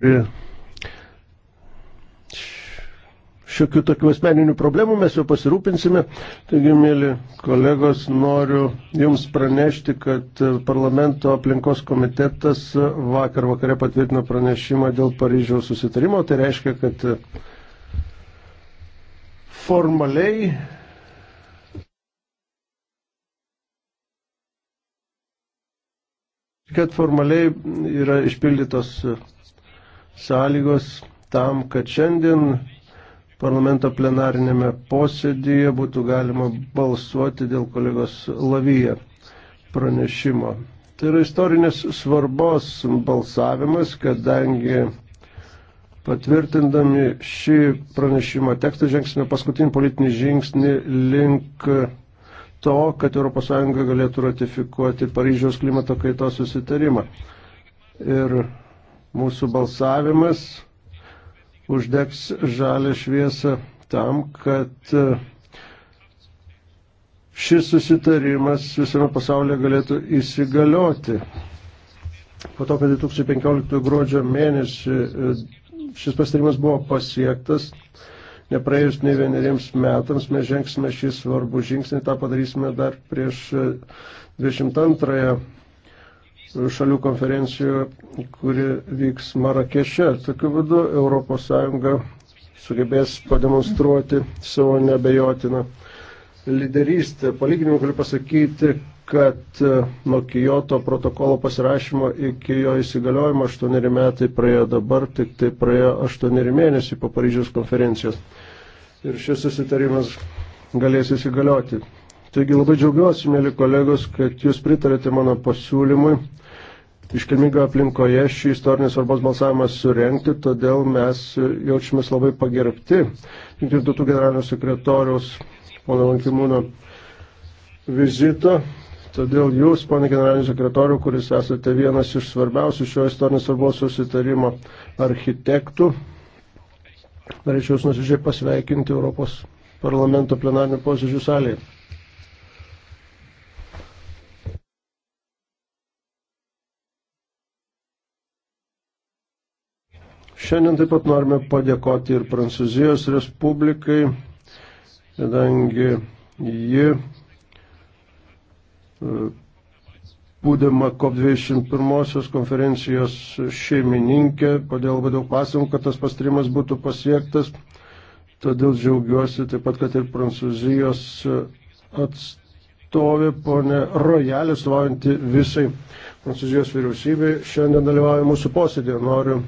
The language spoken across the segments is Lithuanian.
Šiokių tokių asmeninių problemų mes jau pasirūpinsime. Taigi, mėly kolegos, noriu Jums pranešti, kad parlamento aplinkos komitetas vakar vakare patvirtino pranešimą dėl Paryžiaus susitarimo. Tai reiškia, kad formaliai kad formaliai yra išpildytos sąlygos tam, kad šiandien parlamento plenarinėme posėdėje būtų galima balsuoti dėl kolegos Lavyje pranešimo. Tai yra istorinės svarbos balsavimas, kadangi patvirtindami šį pranešimo tekstą žengsime paskutinį politinį žingsnį link to, kad ES galėtų ratifikuoti Paryžiaus klimato kaitos susitarimą. Ir mūsų balsavimas uždegs žalę šviesą tam, kad e, šis susitarimas visame pasaulyje galėtų įsigalioti. Po to, kad 2015 gruodžio mėnesį e, šis pastarimas buvo pasiektas, nepraėjus ne vieneriems metams, mes žengsime šį svarbų žingsnį, tą padarysime dar prieš 22 e, šalių konferencijoje, kuri vyks Marakeše. Tokiu būdu ES sugebės pademonstruoti savo nebejotiną lyderystę. Palyginimą galiu pasakyti, kad e, nuo Kijoto protokolo pasirašymo iki jo įsigaliojimo 8 metai praėjo dabar, tik tai praėjo 8 mėnesiai po Paryžiaus konferencijos. Ir šis susitarimas galės įsigalioti. Taigi labai džiaugiuosi, mėly kolegos, kad jūs pritarėte mano pasiūlymui iškilmingoje aplinkoje šį istorinį svarbos balsavimą surenkti, todėl mes jaučiamės labai pagerbti. Jungtinių tautų generalinio sekretoriaus pono Lankimūno vizito. Todėl jūs, pane generalinis sekretoriu, kuris esate vienas iš svarbiausių šio istorinės svarbos susitarimo architektų, norėčiau jūs nusižiai pasveikinti Europos parlamento plenarnių posėdžių salėje. Šiandien taip pat norime padėkoti ir Prancūzijos Respublikai, kadangi ji, e, būdama COP21 konferencijos šeimininkė, padėjo labai daug pasakymų, kad tas pastarimas būtų pasiektas. Todėl džiaugiuosi taip pat, kad ir Prancūzijos atstovė ponė Rojalė, suvaujantį visai Prancūzijos vyriausybei, šiandien dalyvauja mūsų posėdėje. Noriu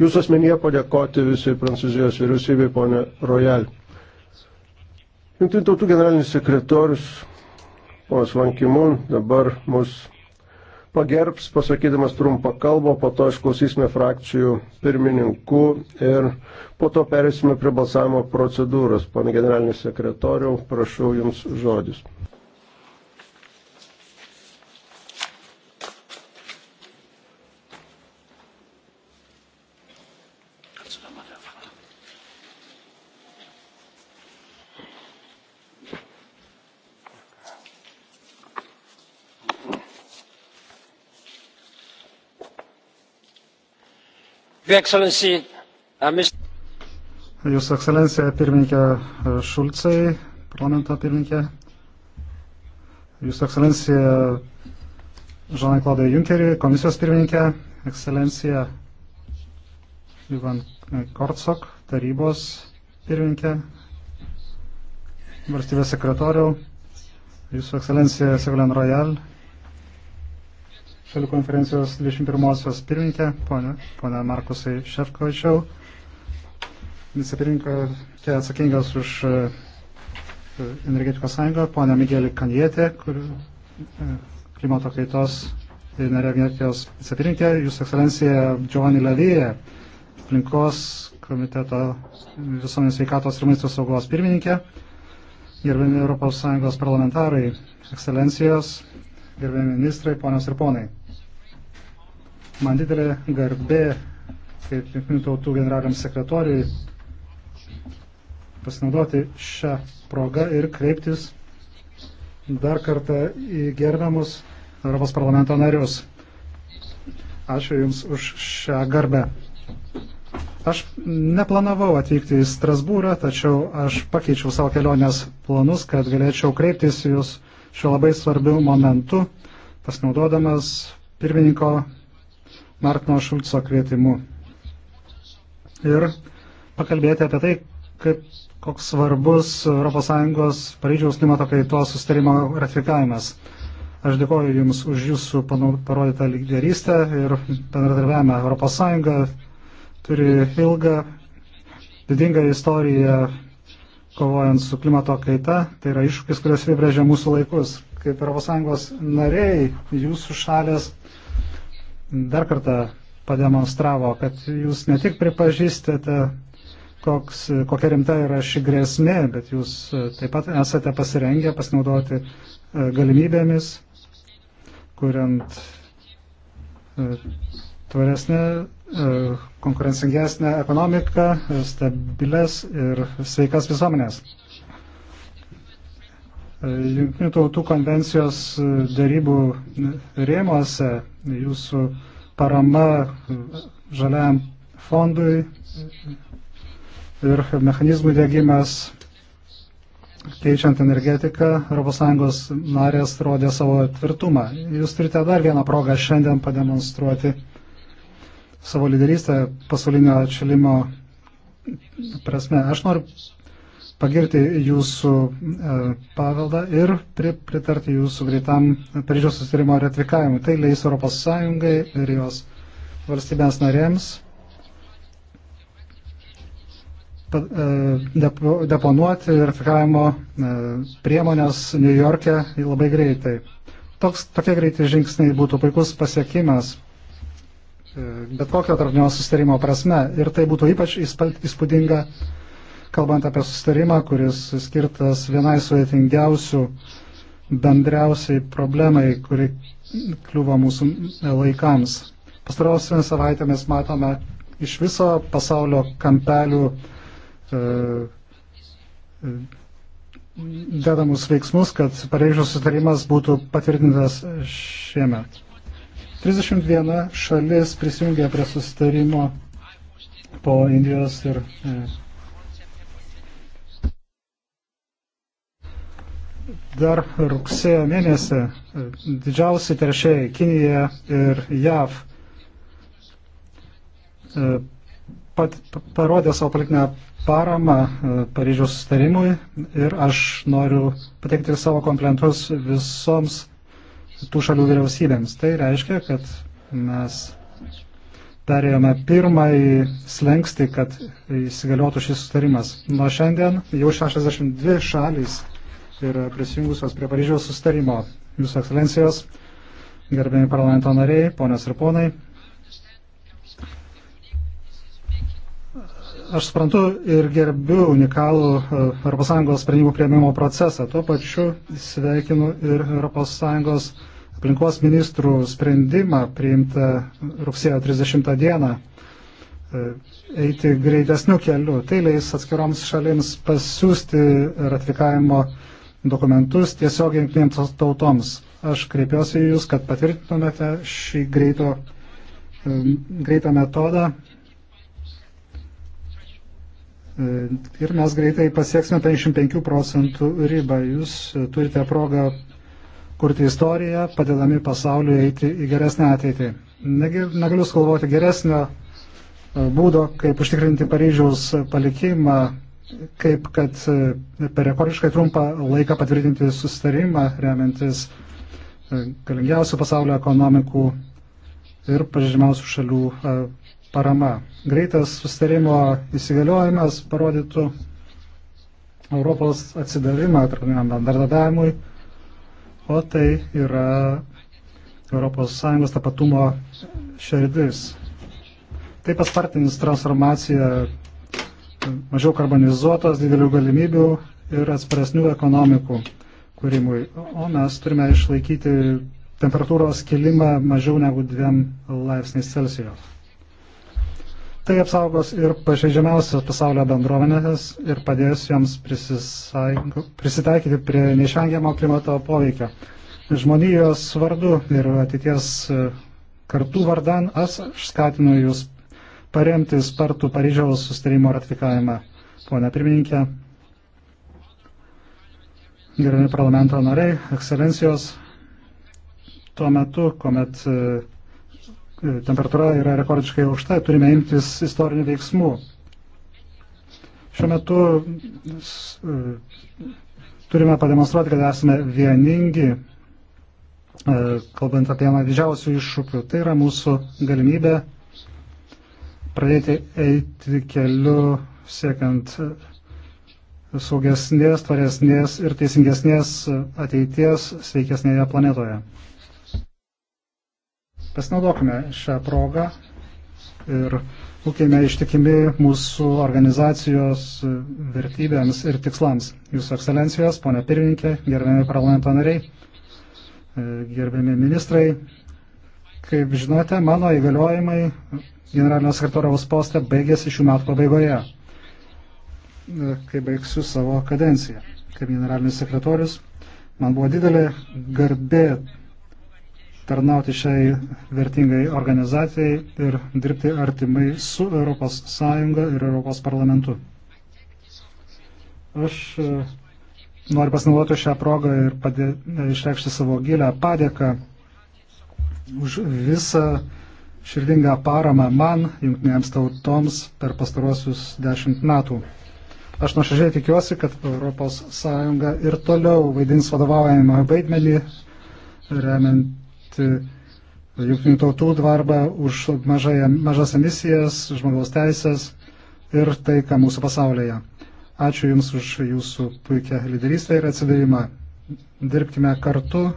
jūsų asmenyje padėkoti visai Prancūzijos vyriausybei, ponė Royal. Junktinių tautų generalinis sekretorius, ponas Vankimun, dabar mus pagerbs, pasakydamas trumpą kalbą, po to išklausysime frakcijų pirmininkų ir po to perėsime prie balsavimo procedūros. Pane generalinis sekretoriau, prašau Jums žodis. Uh, Jūsų ekscelencija pirmininkė uh, Šulcai, parlamento pirmininkė, Jūsų ekscelencija Žanai Klaudai Junkerį, komisijos pirmininkė, ekscelencija Ivan Kortsok, tarybos pirmininkė, valstybės sekretoriau, Jūsų ekscelencija Sevilien Royal, šalių konferencijos 21-osios pirmininkė, ponė Markusai Šefkovičiau, vicepirinkė atsakingas už e, energetikos sąjungą, ponė Migelį Kanietė, kur e, klimato kaitos ir energetikos vicepirinkė, Jūsų ekscelencija Giovanni Levyje, aplinkos komiteto visuomenės veikatos ir maisto saugos pirmininkė, gerbiami ES parlamentarai, ekscelencijos, gerbiami ministrai, ponios ir ponai. Man didelė garbė, kaip Junktinių tautų generaliniam sekretoriui, pasinaudoti šią progą ir kreiptis dar kartą į gerbiamus Europos parlamento narius. Ačiū Jums už šią garbę. Aš neplanavau atvykti į Strasbūrą, tačiau aš pakeičiau savo kelionės planus, kad galėčiau kreiptis Jūs šiuo labai svarbiu momentu, pasinaudodamas pirmininko Martino Šulco kvietimu. Ir pakalbėti apie tai, kaip, koks svarbus ES Paryžiaus klimato kaitos sustarimo ratifikavimas. Aš dėkoju Jums už Jūsų parodytą lyderystę ir bendradarbiavimą. ES turi ilgą, didingą istoriją kovojant su klimato kaita. Tai yra iššūkis, kuris apibrėžia mūsų laikus. Kaip ES nariai, Jūsų šalės dar kartą pademonstravo, kad jūs ne tik pripažįstate, koks, kokia rimta yra ši grėsmė, bet jūs e, taip pat esate pasirengę pasinaudoti e, galimybėmis, kuriant e, tvaresnę, konkurencingesnę ekonomiką, stabilės ir sveikas visuomenės. Junktinių tautų konvencijos e, dėrybų rėmuose jūsų parama e, žaliam fondui e, ir mechanizmų dėgymas keičiant energetiką, ES narės rodė savo tvirtumą. Jūs turite dar vieną progą šiandien pademonstruoti savo lyderystę pasaulinio atšilimo prasme. Aš noriu pagirti jūsų e, paveldą ir pritarti jūsų greitam Paryžiaus susirimo ratifikavimui. Tai leis ES ir jos valstybės narėms e, deponuoti ratifikavimo e, priemonės New York'e labai greitai. Toks, tokie greiti žingsniai būtų puikus pasiekimas bet kokio tarpinio sustarimo prasme ir tai būtų ypač įspūdinga kalbant apie sustarimą, kuris skirtas vienai sudėtingiausių bendriausiai problemai, kuri kliuvo mūsų e, laikams. Pastarosiamis savaitėmis matome iš viso pasaulio kampelių e, dedamus e, veiksmus, kad Paryžiaus sutarimas būtų patvirtintas šiemet. 31 šalis prisijungė prie susitarimo po Indijos ir e, dar rugsėjo mėnesį e, didžiausi teršėjai Kinija ir JAV e, pat, parodė savo politinę paramą e, Paryžiaus sustarimui ir aš noriu pateikti savo komplementus visoms tų šalių vyriausybėms. Tai reiškia, kad mes perėjome pirmąjį slengsti, kad įsigaliotų šis sustarimas. Nuo šiandien jau 62 šalys yra prisijungusios prie Paryžiaus sustarimo. Jūsų ekscelencijos, gerbėjai parlamento nariai, ponios ir ponai. Aš suprantu ir gerbiu unikalų e, ES sprendimų prieimimo procesą. Tuo pačiu sveikinu ir ES aplinkos ministrų sprendimą priimtą rugsėjo 30 dieną e, eiti greitesniu keliu. Tai leis atskiroms šalims pasiūsti ratifikavimo dokumentus tiesiog jungtinėms tautoms. Aš kreipiuosi į Jūs, kad patvirtintumėte šį greito, greitą metodą. E, ir mes greitai pasieksime 55 procentų ribą. Jūs turite progą kurti istoriją, padėdami pasauliu eiti į geresnę ateitį. Negaliu skalvoti geresnio e, būdo, kaip užtikrinti Paryžiaus palikimą kaip kad e, per rekordiškai trumpą laiką patvirtinti susitarimą remiantis e, galingiausių pasaulio ekonomikų ir pažymiausių šalių e, parama. Greitas susitarimo įsigaliojimas parodytų Europos atsidavimą tarptautiniam bendradavimui, o tai yra ES tapatumo širdis. Tai paspartins transformaciją mažiau karbonizuotos, didelių galimybių ir atsparesnių ekonomikų kūrimui. O mes turime išlaikyti temperatūros kilimą mažiau negu 2 laipsniais Celsijaus. Tai apsaugos ir pažeidžiamiausias pasaulio bendruomenės ir padės joms prisitaikyti prie neišvengiamo klimato poveikio. Žmonijos vardu ir ateities e, kartų vardan aš skatinu jūs paremti spartų Paryžiaus sustarimo ratifikavimą. Pone pirmininkė, gerbiami parlamento nariai, ekscelencijos, tuo metu, kuomet e, e, temperatūra yra rekordiškai aukšta, turime imtis istorinių veiksmų. Šiuo metu e, turime pademonstruoti, kad esame vieningi, kalbant apie vieną didžiausių iššūkių. Tai yra mūsų galimybė pradėti eiti keliu siekiant saugesnės, tvaresnės ir teisingesnės ateities sveikesnėje planetoje. Pasinaudokime šią progą ir būkime ištikimi mūsų organizacijos vertybėms ir tikslams. Jūsų ekscelencijos, ponė pirmininkė, gerbiami parlamento nariai, gerbiami ministrai, Kaip žinote, mano įgaliojimai generalinio sekretoriaus postą baigėsi šių metų pabaigoje, kai baigsiu savo kadenciją. Kaip generalinis sekretorius, man buvo didelė garbė tarnauti šiai vertingai organizacijai ir dirbti artimai su ES ir ES parlamentu. Aš e, noriu pasinaudoti šią progą ir padė, išreikšti savo gilę padėką už visą širdingą paramą man, jungtinėms tautoms, per pastaruosius dešimt metų. Aš nuoširdžiai tikiuosi, kad ES ir toliau vaidins vadovaujamą vaidmenį, remiant jungtinių tautų darbą už mažai, mažas emisijas, žmogaus teisės ir tai, ką mūsų pasaulyje. Ačiū Jums už Jūsų puikią lyderystę ir atsidavimą. Dirbkime kartu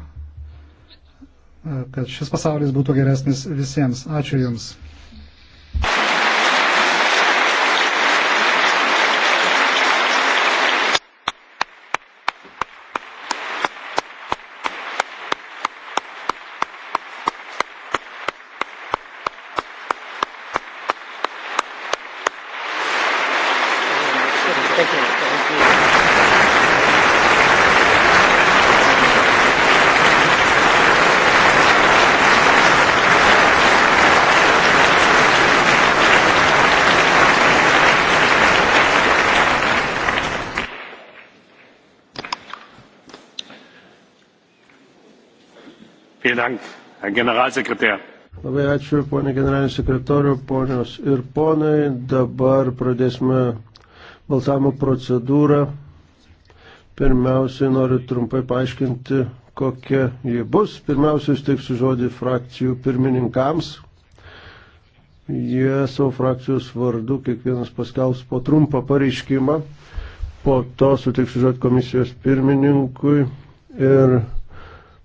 kad šis pasaulis būtų geresnis visiems. Ačiū Jums. Dank, Herr Generalsekretär. Labai ačiū, ponė generalinė sekretorių, ponios ir ponai. Dabar pradėsime balsavimo procedūrą. Pirmiausiai noriu trumpai paaiškinti, kokia ji bus. Pirmiausiai išteiksiu žodį frakcijų pirmininkams. Jie savo frakcijos vardu kiekvienas paskels po trumpą pareiškimą. Po to suteiksiu žodį komisijos pirmininkui ir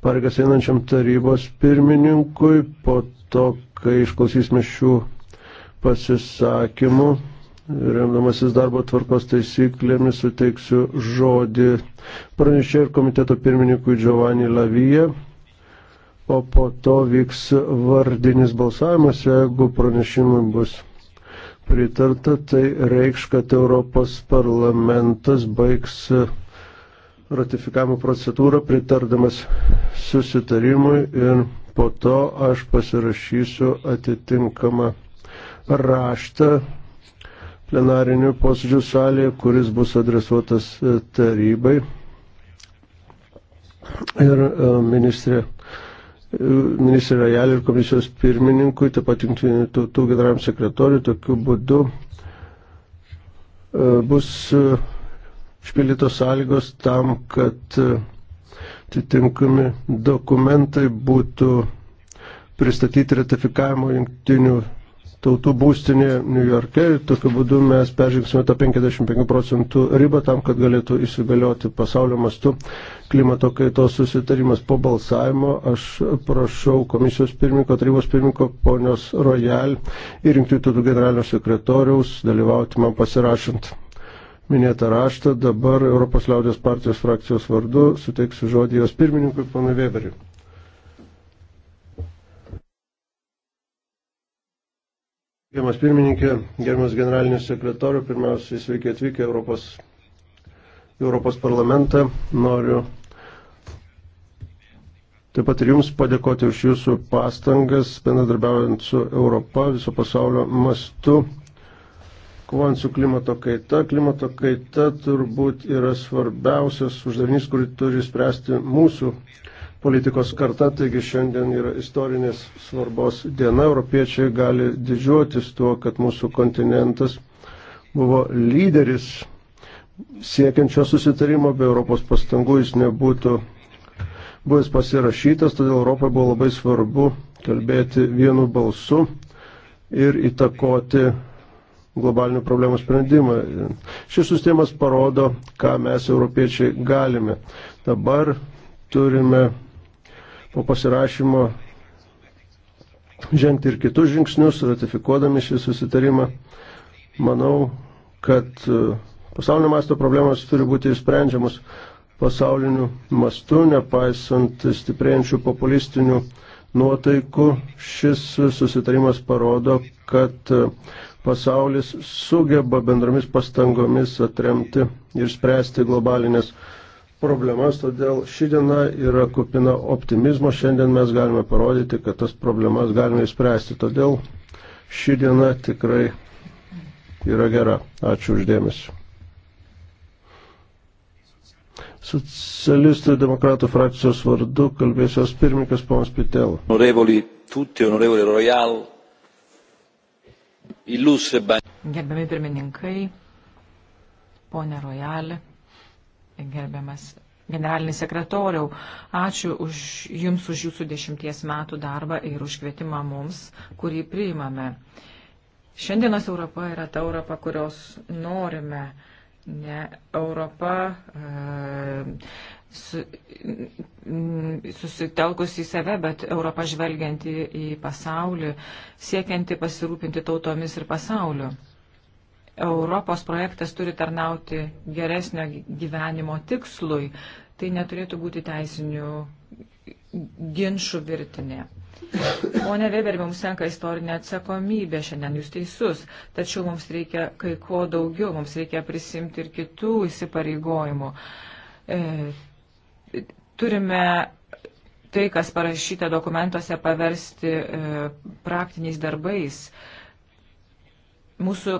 pareigas einančiam tarybos pirmininkui, po to, kai išklausysime šių pasisakymų, remdamasis darbo tvarkos taisyklėmis, suteiksiu žodį pranešėjai ir komiteto pirmininkui Giovanni Lavija, o po to vyks vardinis balsavimas, jeigu pranešimai bus pritarta, tai reikš, kad Europos parlamentas baigs ratifikavimo procedūrą pritardamas susitarimui ir po to aš pasirašysiu atitinkamą raštą plenarinių posėdžių salėje, kuris bus adresuotas e, tarybai. Ir e, ministrė, e, ministrė Rajalė ir komisijos pirmininkui, taip pat jungtinių tautų generaliniam sekretoriui, tokiu būdu bus išpildytos sąlygos tam, kad e, atitinkami dokumentai būtų pristatyti ratifikavimo jungtinių tautų būstinėje New York'e. Tokiu būdu mes peržingsime tą 55 procentų ribą tam, kad galėtų įsigalioti pasaulio mastu klimato kaitos susitarimas po balsavimo. Aš prašau komisijos pirmininko, tarybos pirmininko, ponios Royal ir jungtinių tautų generalinio sekretoriaus dalyvauti man pasirašant minėtą raštą. Dabar Europos liaudės partijos frakcijos vardu suteiksiu žodį jos pirmininkui, ponui Weberiui. Gerbiamas pirmininkė, gerbiamas generalinis sekretorių, pirmiausiai sveiki atvykę Europos, Europos parlamentą. Noriu taip pat ir Jums padėkoti už Jūsų pastangas, bendradarbiaujant su Europa viso pasaulio mastu, kovant su klimato kaita. Klimato kaita turbūt yra svarbiausias uždavinys, kurį turi spręsti mūsų politikos karta. Taigi šiandien yra istorinės svarbos diena. Europiečiai gali didžiuotis tuo, kad mūsų kontinentas buvo lyderis siekiančio susitarimo, be Europos pastangų jis nebūtų buvęs pasirašytas, todėl Europai buvo labai svarbu kalbėti vienu balsu ir įtakoti globalinių problemų sprendimą. Šis sustimas parodo, ką mes europiečiai galime. Dabar turime po pasirašymo žengti ir kitus žingsnius, ratifikuodami šį susitarimą. Manau, kad e, pasaulio masto problemas turi būti išsprendžiamas pasauliniu mastu, nepaisant stiprėjančių populistinių nuotaikų. Šis susitarimas parodo, kad e, pasaulis sugeba bendromis pastangomis atremti ir spręsti globalinės problemas, todėl ši diena yra kupina optimizmo, šiandien mes galime parodyti, kad tas problemas galime įspręsti, todėl ši diena tikrai yra gera. Ačiū uždėmesi. Socialistų ir demokratų frakcijos vardu kalbėsios pirmininkas Pomas Pitelo. Honorevoli, tutti, honorevoli Royal, Gerbiami pirmininkai, ponė Rojalė, gerbiamas generalinis sekretoriau, ačiū už, Jums už Jūsų dešimties metų darbą ir už kvietimą mums, kurį priimame. Šiandienos Europa yra ta Europa, kurios norime. Ne Europa. E, su, mm, susitelkus į save, bet Europą žvelgianti į pasaulį, siekianti pasirūpinti tautomis ir pasauliu. Europos projektas turi tarnauti geresnio gyvenimo tikslui, tai neturėtų būti teisinių ginčių virtinė. Pone Weber, mums tenka istorinė atsakomybė, šiandien jūs teisus, tačiau mums reikia kai ko daugiau, mums reikia prisimti ir kitų įsipareigojimų. E, turime tai, kas parašyta dokumentuose, paversti e, praktiniais darbais. Mūsų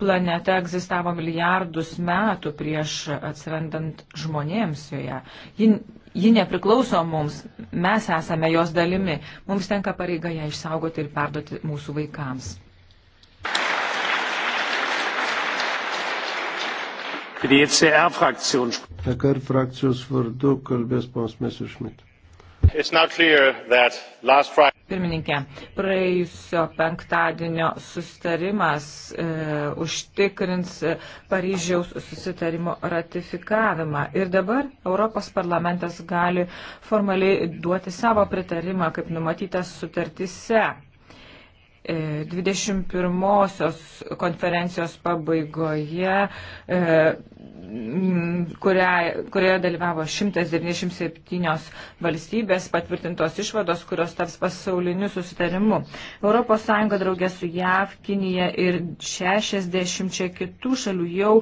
planeta egzistavo milijardus metų prieš atsirandant žmonėms joje. Ji, ji nepriklauso mums, mes esame jos dalimi. Mums tenka pareiga ją išsaugoti ir perduoti mūsų vaikams. E EKR frakcijos vardu kalbės panas Mesiršmit. Pirmininkė, praėjusio penktadienio sustarimas e, užtikrins e, Paryžiaus susitarimo ratifikavimą. Ir dabar Europos parlamentas gali formaliai duoti savo pritarimą, kaip numatytas sutartise. 21-osios e, konferencijos pabaigoje, e, kurioje, kurioje dalyvavo 197 valstybės patvirtintos išvados, kurios taps pasauliniu susitarimu. ES draugė su JAV, Kinija ir 60 kitų šalių jau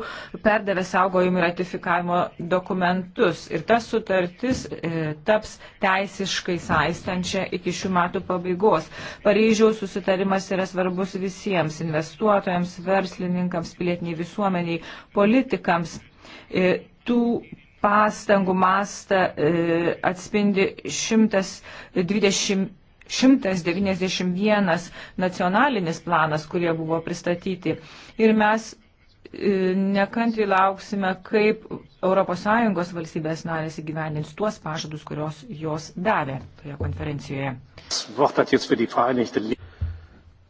perdavė saugojimų ratifikavimo dokumentus. Ir ta sutartis e, taps teisiškai saistančia iki šių metų pabaigos. Paryžiaus susitarimas klausimas yra svarbus visiems investuotojams, verslininkams, pilietiniai visuomeniai, politikams. E, tų pastangų mastą e, atspindi 120. 191 nacionalinis planas, kurie buvo pristatyti. Ir mes e, nekantri lauksime, kaip ES valstybės narės įgyvendins tuos pažadus, kurios jos davė toje konferencijoje.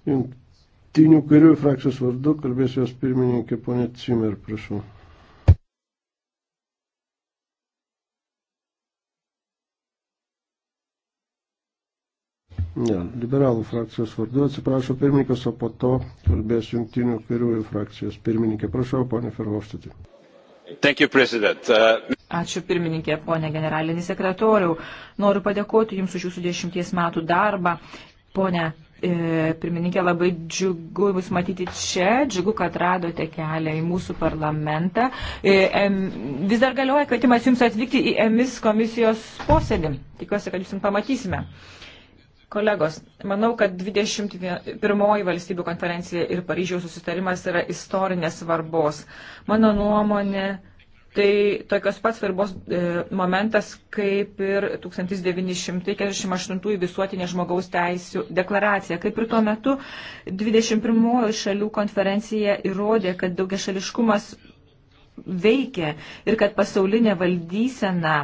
Jungtinių kairių frakcijos vardu kalbės jos pirmininkė ponė Cimer, prašau. Ne, liberalų frakcijos vardu atsiprašo pirmininkas, o po to kalbės jungtinių kairiųjų frakcijos pirmininkė. Prašau, ponė Ferhofštatė. Uh... Ačiū pirmininkė, ponė generalinį sekretoriau. Noriu padėkoti Jums už Jūsų dešimties metų darbą. Pone E, pirmininkė, labai džiugu jūs matyti čia, džiugu, kad radote kelią į mūsų parlamentą. E, vis dar galioja kvietimas jums atvykti į EMIS komisijos posėdį. Tikiuosi, kad jūs jums pamatysime. Kolegos, manau, kad 21 valstybių konferencija ir Paryžiaus susitarimas yra istorinės svarbos. Mano nuomonė, Tai tokios pats svarbos e, momentas kaip ir 1948 visuotinė žmogaus teisų deklaracija. Kaip ir tuo metu 21 šalių konferencija įrodė, kad daugiašališkumas veikia ir kad pasaulinė valdysena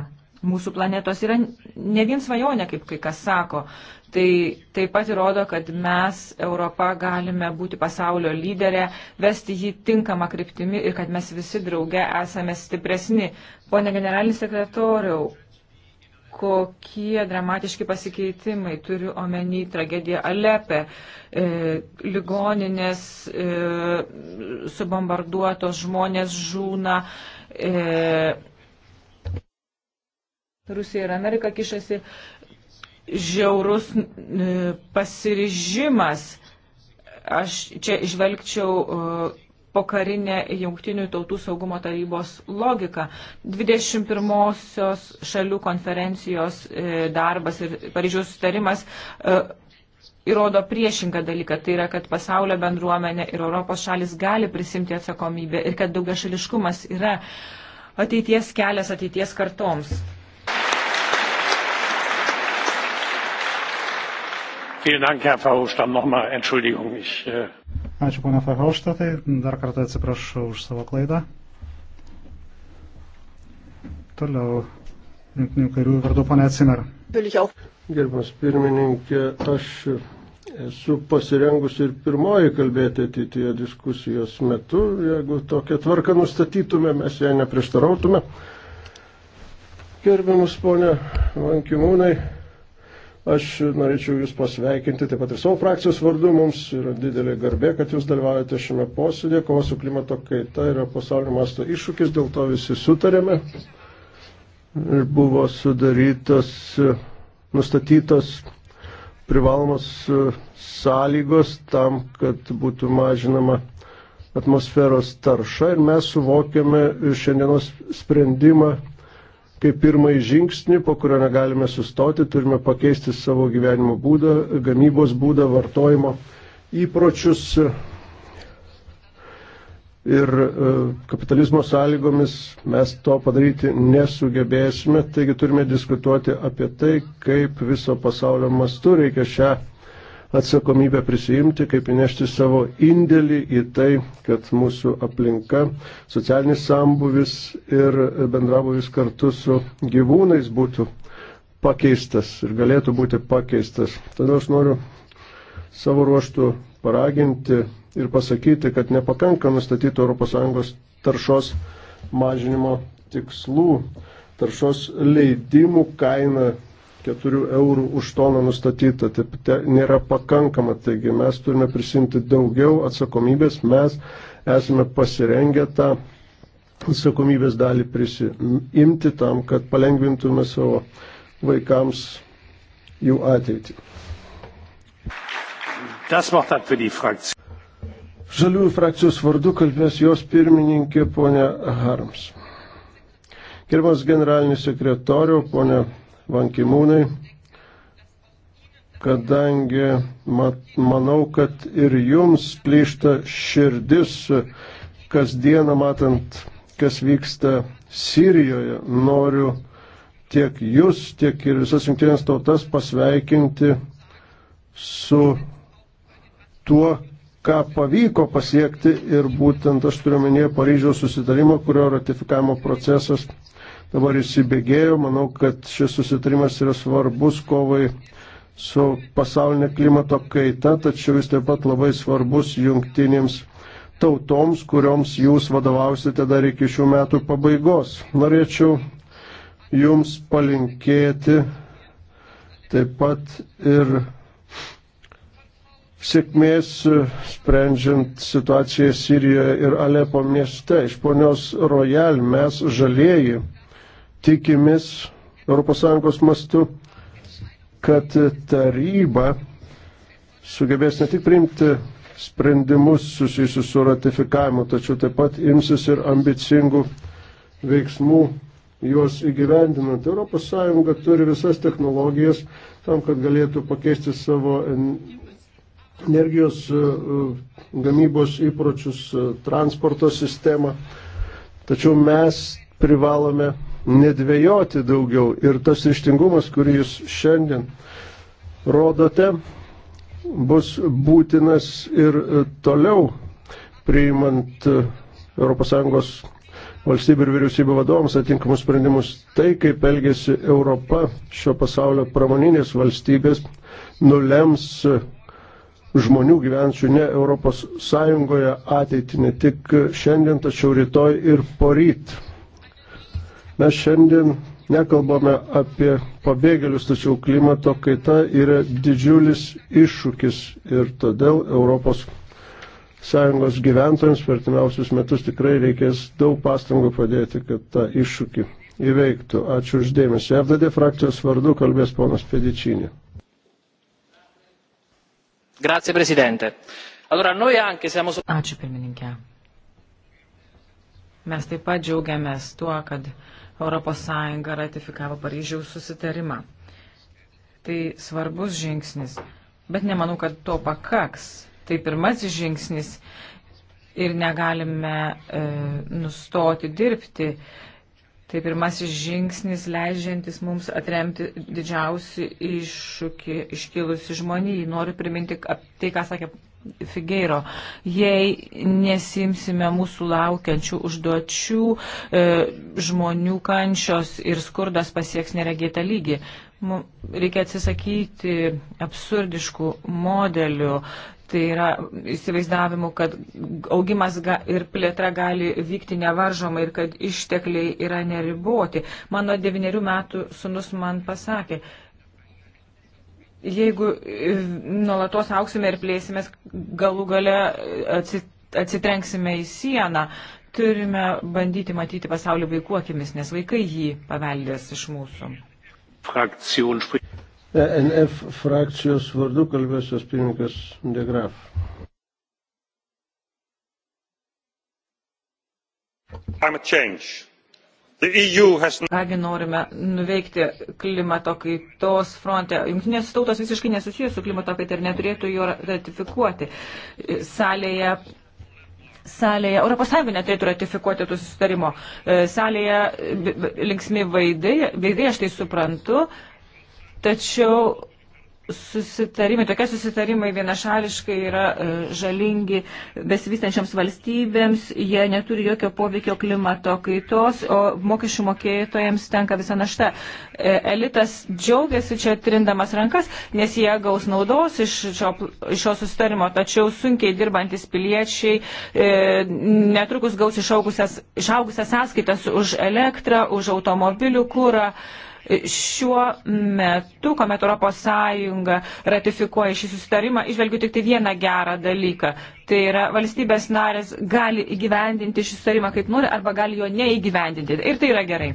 mūsų planetos yra ne vien svajonė, kaip kai kas sako. Tai taip pat įrodo, kad mes, Europa, galime būti pasaulio lyderė, vesti jį tinkamą kryptimį ir kad mes visi drauge esame stipresni. Pone generalinis sekretoriau, kokie dramatiški pasikeitimai turiu omeny tragediją Alepe, e, ligoninės e, subombarduotos žmonės žūna. E, Rusija ir Amerika kišasi. E, žiaurus e, pasirižimas. Aš čia išvelgčiau e, pokarinę Junktinių tautų saugumo tarybos logiką. 21-osios šalių konferencijos e, darbas ir Paryžiaus sustarimas įrodo priešingą dalyką. Tai yra, kad pasaulio bendruomenė ir Europos šalis gali prisimti atsakomybę ir kad daugiašališkumas yra ateities kelias ateities kartoms. Äh, Ačiū, ponia Fahauštatai, dar kartą atsiprašau už savo klaidą. Toliau, jungtinių karių vardu, ponia Cimer. Gerbiamas pirmininkė, aš esu pasirengusi ir pirmoji kalbėti ateityje diskusijos metu, jeigu tokią tvarką nustatytume, mes ją neprieštarautume. Gerbiamas ponia Vankimūnai. Aš norėčiau Jūs pasveikinti taip pat ir savo frakcijos vardu. Mums yra didelė garbė, kad Jūs dalyvaujate šiame posėdėje. Kova su klimato kaita yra pasaulio masto iššūkis, dėl to visi sutarėme. Ir buvo sudarytas, nustatytos privalomos sąlygos tam, kad būtų mažinama atmosferos tarša. Ir mes suvokėme šiandienos sprendimą kaip pirmąjį žingsnį, po kurio negalime sustoti, turime pakeisti savo gyvenimo būdą, gamybos būdą, vartojimo įpročius. Ir e, kapitalizmo sąlygomis mes to padaryti nesugebėsime, taigi turime diskutuoti apie tai, kaip viso pasaulio mastu reikia šią atsakomybę prisijimti, kaip įnešti savo indėlį į tai, kad mūsų aplinka, socialinis sambuvis ir bendrabuvis kartu su gyvūnais būtų pakeistas ir galėtų būti pakeistas. Todėl aš noriu savo ruoštų paraginti ir pasakyti, kad nepakanka nustatyti ES taršos mažinimo tikslų. Taršos leidimų kaina 4 eurų už toną nustatyta, tai te, nėra pakankama, taigi mes turime prisimti daugiau atsakomybės, mes esame pasirengę tą atsakomybės dalį prisimti tam, kad palengvintume savo vaikams jų ateitį. Žaliųjų frakcijos vardu kalbės jos pirmininkė ponia Harms. Gerbiamas generalinis sekretoriau, ponia Vankimūnai, kadangi mat, manau, kad ir jums plyšta širdis kasdieną matant, kas vyksta Sirijoje. Noriu tiek jūs, tiek ir visas jungtinės tautas pasveikinti su tuo, ką pavyko pasiekti ir būtent aš turiu minėję Paryžiaus susitarimą, kurio ratifikavimo procesas dabar įsibėgėjo. Manau, kad šis susitarimas yra svarbus kovai su pasaulinė klimato kaita, tačiau jis taip pat labai svarbus jungtinėms tautoms, kurioms jūs vadovausite dar iki šių metų pabaigos. Norėčiau jums palinkėti taip pat ir sėkmės sprendžiant situaciją Sirijoje ir Alepo mieste. Iš ponios Royal mes žalieji tikimės ES mastu, kad taryba sugebės ne tik priimti sprendimus susijusius su ratifikavimu, tačiau taip pat imsis ir ambicingų veiksmų juos įgyvendinant. ES turi visas technologijas tam, kad galėtų pakeisti savo energijos e, e, gamybos įpročius, e, transporto sistemą. Tačiau mes privalome nedvėjoti daugiau. Ir tas ryštingumas, kurį jūs šiandien rodote, bus būtinas ir toliau priimant ES valstybių ir vyriausybių vadovams atinkamus sprendimus. Tai, kaip elgėsi Europa šio pasaulio pramoninės valstybės, nulems žmonių gyvenčių ne Europos Sąjungoje ateitį ne tik šiandien, tačiau rytoj ir poryt. Mes šiandien nekalbame apie pabėgėlius, tačiau klimato kaita yra didžiulis iššūkis ir todėl Europos Sąjungos gyventojams per timiausius metus tikrai reikės daug pastangų padėti, kad tą iššūkį įveiktų. Ačiū uždėmesi. FDD frakcijos vardu kalbės ponas Pedičinė. Grazie, prezidente. Allora, noi anche siamo... Ačiū, pirmininkė. Mes taip pat džiaugiamės tuo, kad uh, ES ratifikavo Paryžiaus susitarimą. Tai svarbus žingsnis, bet nemanau, kad to pakaks. Tai pirmasis žingsnis ir negalime e, nustoti dirbti. Tai pirmasis žingsnis leidžiantis mums atremti didžiausią iššūkį iškilusi žmonijai. Noriu priminti tai, ką sakė Figeiro. Jei nesimsime mūsų laukiančių užduočių, e, žmonių kančios ir skurdas pasieks neregėtą lygį. Mums reikia atsisakyti absurdiškų modelių. Tai yra įsivaizdavimu, kad augimas ir plėtra gali vykti nevaržomai ir kad ištekliai yra neriboti. Mano devyniarių metų sunus man pasakė, jeigu e, nuolatos auksime ir plėsimės, galų gale atsitrenksime į sieną, turime bandyti matyti pasaulį vaikų akimis, nes vaikai jį paveldės iš mūsų. NF e frakcijos vardu kalbėsios pirmininkas Degraf. Climate change E has... Kągi norime nuveikti klimato kaitos fronte. Junktinės tautos visiškai nesusijęs su klimato kaita ir neturėtų jo ratifikuoti. Salėje salėje, ES neturėtų ratifikuoti tų susitarimo, e, salėje linksmi vaidai, vaidai aš tai suprantu, tačiau susitarimai, tokie susitarimai vienašališkai yra e, žalingi besivystančiams valstybėms, jie neturi jokio poveikio klimato kaitos, o mokesčių mokėtojams tenka visa našta. E, elitas džiaugiasi čia trindamas rankas, nes jie gaus naudos iš šio, iš šio susitarimo, tačiau sunkiai dirbantis piliečiai e, netrukus gaus išaugusias, išaugusias sąskaitas už elektrą, už automobilių kūrą. E, Šiuo metu, kuomet ES ratifikuoja šį susitarimą, išvelgiu tik tai vieną gerą dalyką. Tai yra valstybės narės gali įgyvendinti šį susitarimą kaip nori arba gali jo neįgyvendinti. Ir tai yra gerai.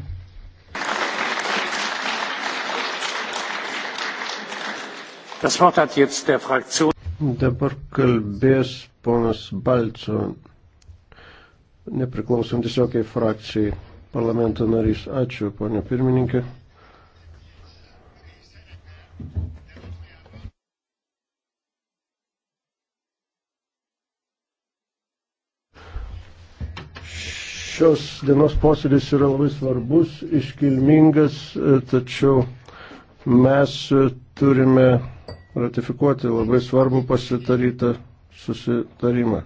Dabar kalbės ponas Balco, nepriklausom tiesiogiai frakcijai, parlamento narys. Ačiū, ponė pirmininkė. Šios dienos posėdis yra labai svarbus, iškilmingas, tačiau mes turime ratifikuoti labai svarbų pasitarytą susitarimą.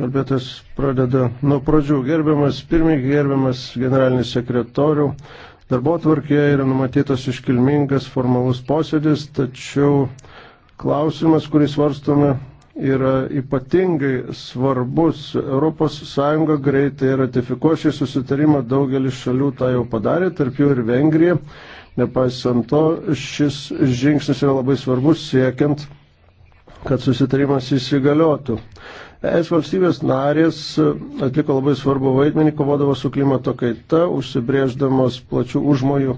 Kalbėtas pradeda nuo pradžių. Gerbiamas pirmininkas, gerbiamas generalinis sekretorių. Darbo tvarkėje yra numatytas iškilmingas formalus posėdis, tačiau klausimas, kurį svarstome, yra ypatingai svarbus. ES greitai ratifikuos šį susitarimą, daugelis šalių tą jau padarė, tarp jų ir Vengrija. Nepaisant to, šis žingsnis yra labai svarbus siekiant kad susitarimas įsigaliotų. Es valstybės narės atliko labai svarbu vaidmenį, kovodavo su klimato kaita, užsibrėždamos plačių užmojų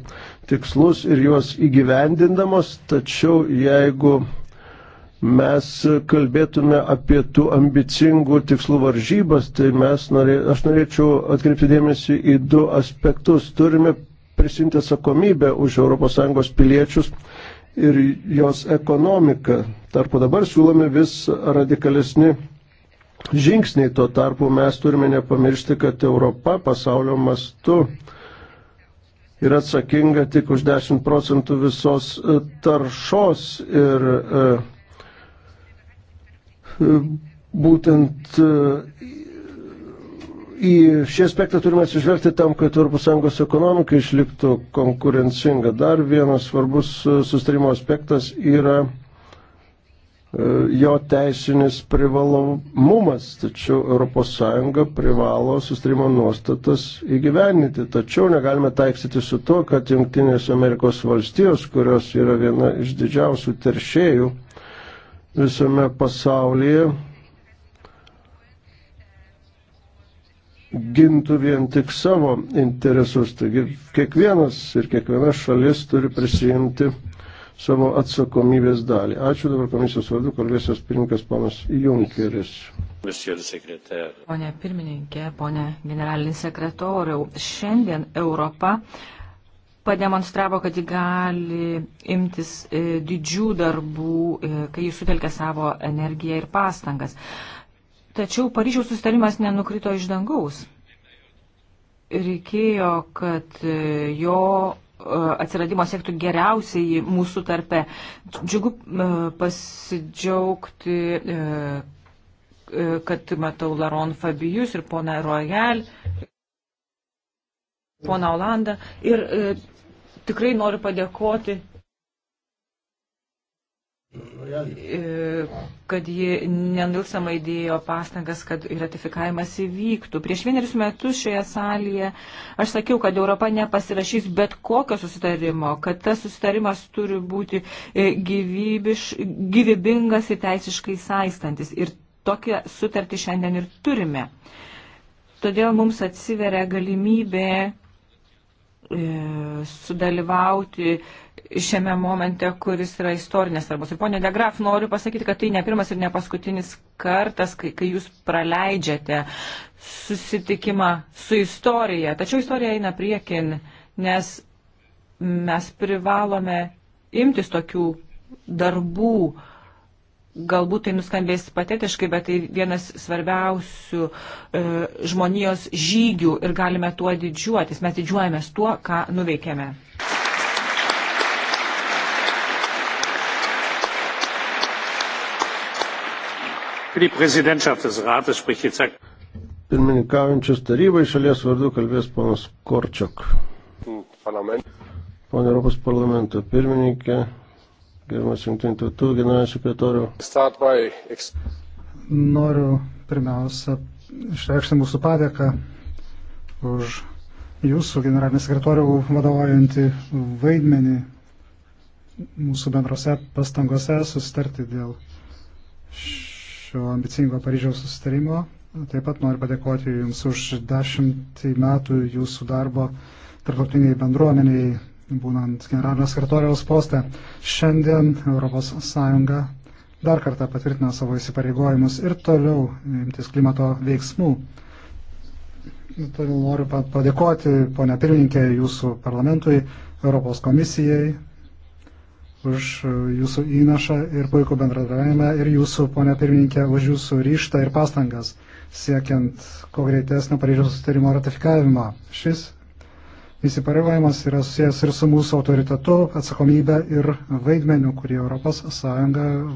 tikslus ir juos įgyvendindamos, tačiau jeigu mes kalbėtume apie tų ambicingų tikslų varžybas, tai mes norė, aš norėčiau atkreipti dėmesį į du aspektus. Turime prisimti atsakomybę už ES piliečius ir jos ekonomiką. Tarpu dabar siūlomi vis radikalesni žingsniai. Tuo tarpu mes turime nepamiršti, kad Europa pasaulio mastu yra atsakinga tik už 10 procentų visos e, taršos ir e, e, būtent į šį aspektą turime atsižvelgti tam, kad ES ekonomika išliktų konkurencinga. Dar vienas svarbus e, sustarimo aspektas yra e, jo teisinis privalomumas, tačiau ES privalo sustarimo nuostatas įgyveninti. Tačiau negalime taiksyti su to, kad Junktinės Amerikos valstijos, kurios yra viena iš didžiausių teršėjų visame pasaulyje, gintų vien tik savo interesus. Taigi kiekvienas ir kiekviena šalis turi prisijimti savo atsakomybės dalį. Ačiū dabar komisijos vardu, kalbėsios pirmininkas panas Junkeris. Pone pirmininkė, pone generalinis sekretoriau, šiandien Europa pademonstravo, kad ji gali imtis e, didžių darbų, e, kai jis sutelkia savo energiją ir pastangas. Tačiau Paryžiaus susitarimas nenukrito iš dangaus. Reikėjo, kad e, jo e, atsiradimo siektų geriausiai mūsų tarpe. Džiugu e, pasidžiaugti, kad matau Laron Fabijus ir pona Royal, pona Olandą. Ir tikrai noriu padėkoti E, kad ji nenilsamai dėjo pastangas, kad ratifikavimas įvyktų. Prieš vienerius metus šioje salėje aš sakiau, kad Europa nepasirašys bet kokio susitarimo, kad tas susitarimas turi būti e, gyvybiš, gyvybingas ir teisiškai saistantis. Ir tokią sutartį šiandien ir turime. Todėl mums atsiveria galimybė e, sudalyvauti šiame momente, kuris yra istorinės svarbos. Ir ponė Degraf, noriu pasakyti, kad tai ne pirmas ir ne paskutinis kartas, kai, kai jūs praleidžiate susitikimą su istorija. Tačiau istorija eina priekin, nes mes privalome imtis tokių darbų. Galbūt tai nuskambės patetiškai, bet tai vienas svarbiausių e, žmonijos žygių ir galime tuo didžiuotis. Mes didžiuojamės tuo, ką nuveikėme. Pirmininkaujančios tarybai šalies vardu kalbės ponas Korčiok. Pone Europos parlamento pirmininkė, gerbiamas jungtinių tautų generalinio sekretorių. Noriu pirmiausia išreikšti mūsų padėką už jūsų generalinį sekretorių vadovaujantį vaidmenį mūsų bendrose pastangose sustarti dėl šio ambicingo Paryžiaus susitarimo. Taip pat noriu padėkoti Jums už dešimtį metų Jūsų darbo tarptautiniai bendruomeniai, būnant generalinio sekretoriaus poste. Šiandien ES dar kartą patvirtina savo įsipareigojimus ir toliau imtis klimato veiksmų. Todėl noriu padėkoti, ponia pirmininkė, Jūsų parlamentui, Europos komisijai už e, jūsų įnašą ir puikų bendradarbiavimą ir jūsų, ponia pirmininkė, už jūsų ryštą ir pastangas siekiant kuo greitesnio Paryžiaus sustarimo ratifikavimo. Šis įsipareigojimas yra susijęs ir su mūsų autoritetu, atsakomybė ir vaidmeniu, kurį ES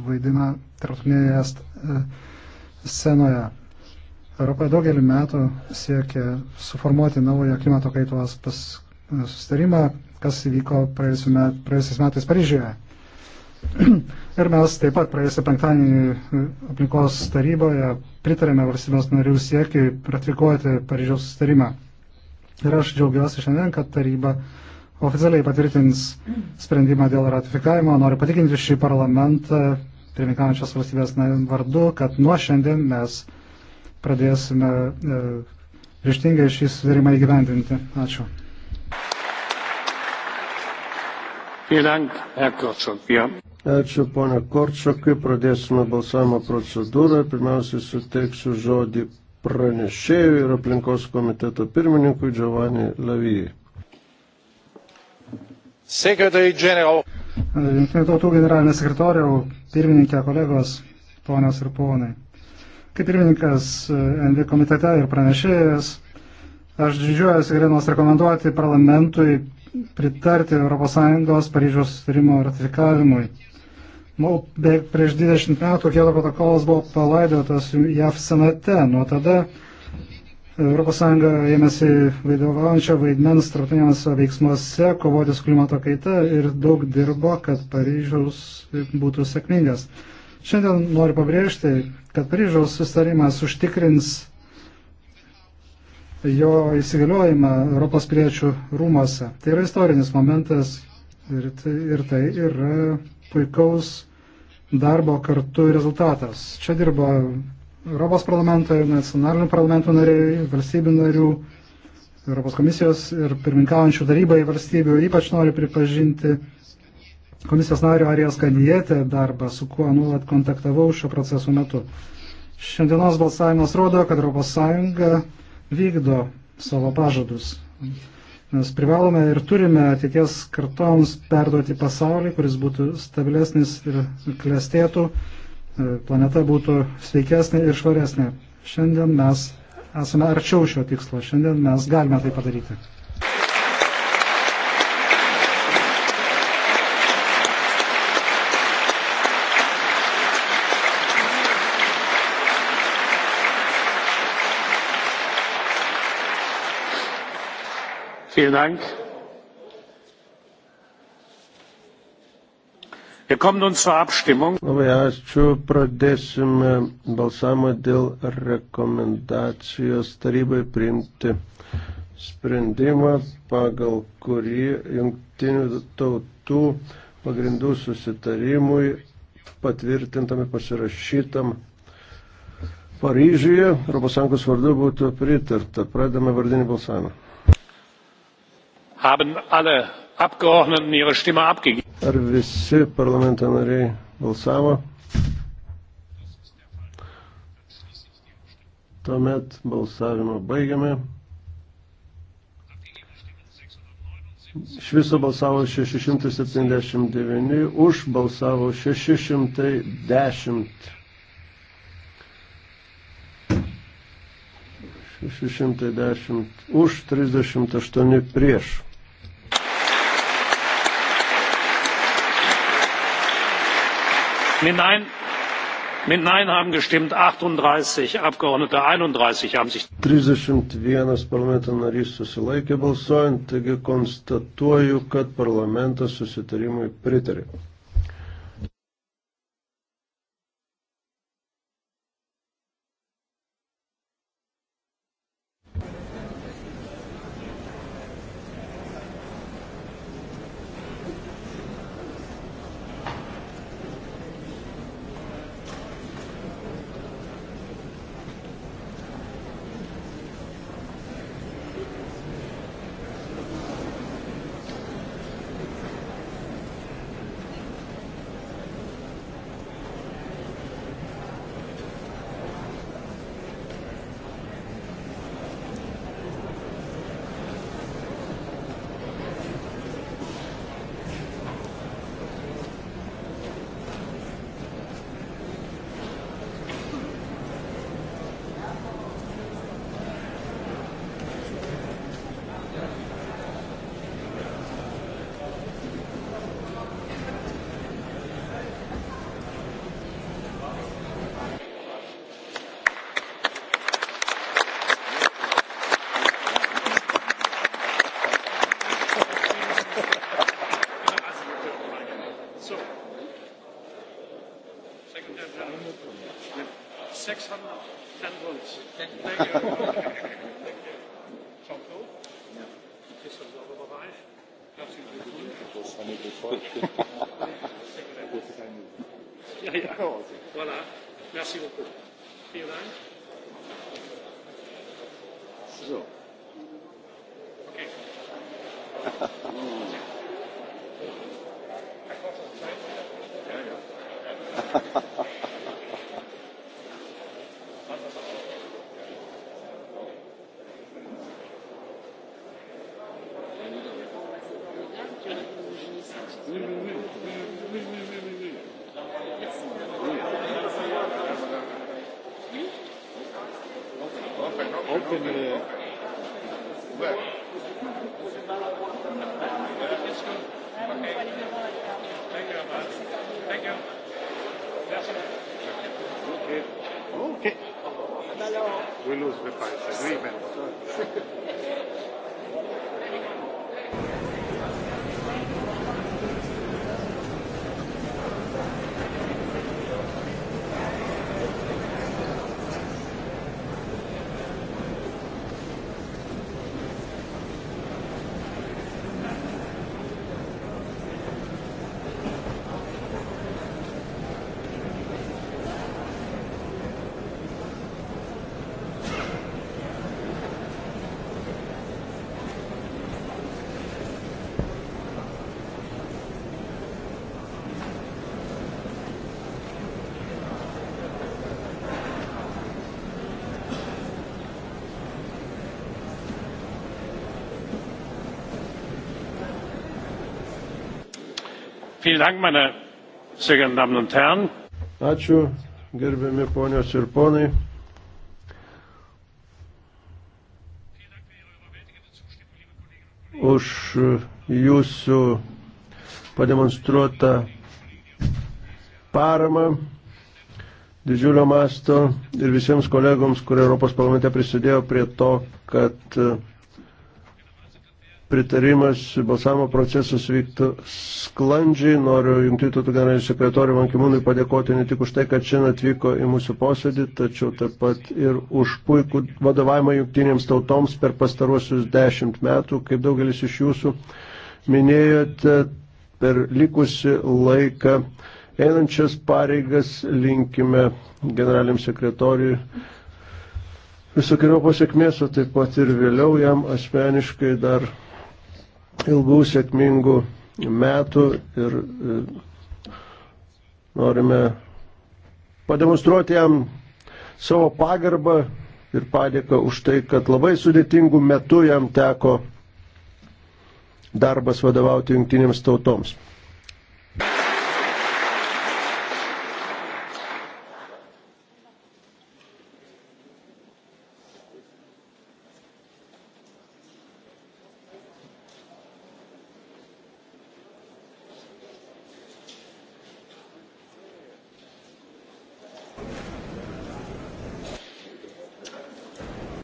vaidina tarptautinėje e, scenoje. Europoje daugelį metų siekia suformuoti naują klimato kaitos sustarimą, kas įvyko praėjusiais metais Paryžiuje. Ir mes taip pat praėjusią penktadienį e, aplinkos taryboje pritarėme valstybės narių siekiui ratifikuoti Paryžiaus sustarimą. Ir aš džiaugiuosi šiandien, kad taryba oficialiai patvirtins sprendimą dėl ratifikavimo. Noriu patikinti šį parlamentą, pirmininkaujančios valstybės vardu, kad nuo šiandien mes pradėsime e, ryštingai šį sudarimą įgyvendinti. Ačiū. Ačiū, ponia Korčiokai. Pradėsime balsavimo procedūrą. Pirmiausiai suteiksiu žodį pranešėjui ir aplinkos komiteto pirmininkui Giovanni Lavijai. Sekretoriai general. Junktinių tautų generalinė sekretoriau, pirmininkė, kolegos, ponios ir ponai. Kaip pirmininkas eh, NV komitete ir pranešėjas, aš didžiuojasi galėdamas rekomenduoti parlamentui pritarti ES Paryžiaus sutarimo ratifikavimui. Beveik prieš 20 metų Kėdo protokolas buvo palaidotas JAV senate. Nuo tada ES ėmėsi vaidovaujančio vaidmens tarptautiniams veiksmuose kovoti su klimato kaita ir daug dirbo, kad Paryžiaus būtų sėkmingas. Šiandien noriu pabrėžti, kad Paryžiaus sustarimas užtikrins jo įsigaliojimą Europos priečių rūmose. Tai yra istorinis momentas ir tai, ir tai yra puikaus darbo kartu rezultatas. Čia dirbo Europos parlamento ir nacionalinių parlamentų nariai, valstybių narių, Europos komisijos ir pirminkaujančių tarybai valstybių. Ypač noriu pripažinti komisijos nario Arijas Kanijėtė darbą, su kuo nuolat kontaktavau šio proceso metu. Šiandienos balsavimas rodo, kad ES vykdo savo pažadus. Mes privalome ir turime ateities kartoms perduoti pasaulį, kuris būtų stabilesnis ir klestėtų, e, planeta būtų sveikesnė ir švaresnė. Šiandien mes esame arčiau šio tikslo, šiandien mes galime tai padaryti. Vielen Dank. Wir kommen nun zur Abstimmung. Labai ačiū. Pradėsime balsavimą dėl rekomendacijos tarybai priimti sprendimą, pagal kurį jungtinių tautų pagrindų susitarimui patvirtintam ir pasirašytam Paryžiuje ES vardu būtų pritarta. Pradame vardinį balsavimą haben alle Abgeordneten ihre Stimme abgegeben. Ar visi parlamento nariai balsavo? Tuomet balsavimą baigiame. Iš viso balsavo 679, už balsavo 610. 610 už 38 prieš. mit nein haben gestimmt achtunddreißig abgeordnete einunddreißig haben sich. trisdešimt vienas parlamento narys susilaikė balsuojant taigi konstatuoju kad parlamentas susitarimui pritarė. Jean Claude Ja. Gibt es also auch Bereich? Herzlichen Glückwunsch. Das ist eine Betäubung. Ja, ja. Voilà. Merci beaucoup. Vielen Dank. So. Okay. Ja, ja. Thank you. Okay. Okay. We lose the fight agreement. Vielen Dank, meine sehr geehrten Damen und Herren. Ačiū, gerbiami ponios ir ponai. Už jūsų pademonstruotą paramą didžiulio masto ir visiems kolegoms, kurie Europos parlamente prisidėjo prie to, kad pritarimas balsavimo procesas vyktų sklandžiai. Noriu Junktinių tautų generalinio sekretorių Vankimūnui padėkoti ne tik už tai, kad šiandien atvyko į mūsų posėdį, tačiau taip pat ir už puikų vadovavimą Junktinėms tautoms per pastaruosius dešimt metų, kaip daugelis iš jūsų minėjote, per likusi laiką einančias pareigas linkime generaliniam sekretoriui visokiojo pasiekmės, o taip pat ir vėliau jam asmeniškai dar ilgų sėkmingų metų ir e, norime pademonstruoti jam savo pagarbą ir padėką už tai, kad labai sudėtingų metų jam teko darbas vadovauti jungtinėms tautoms.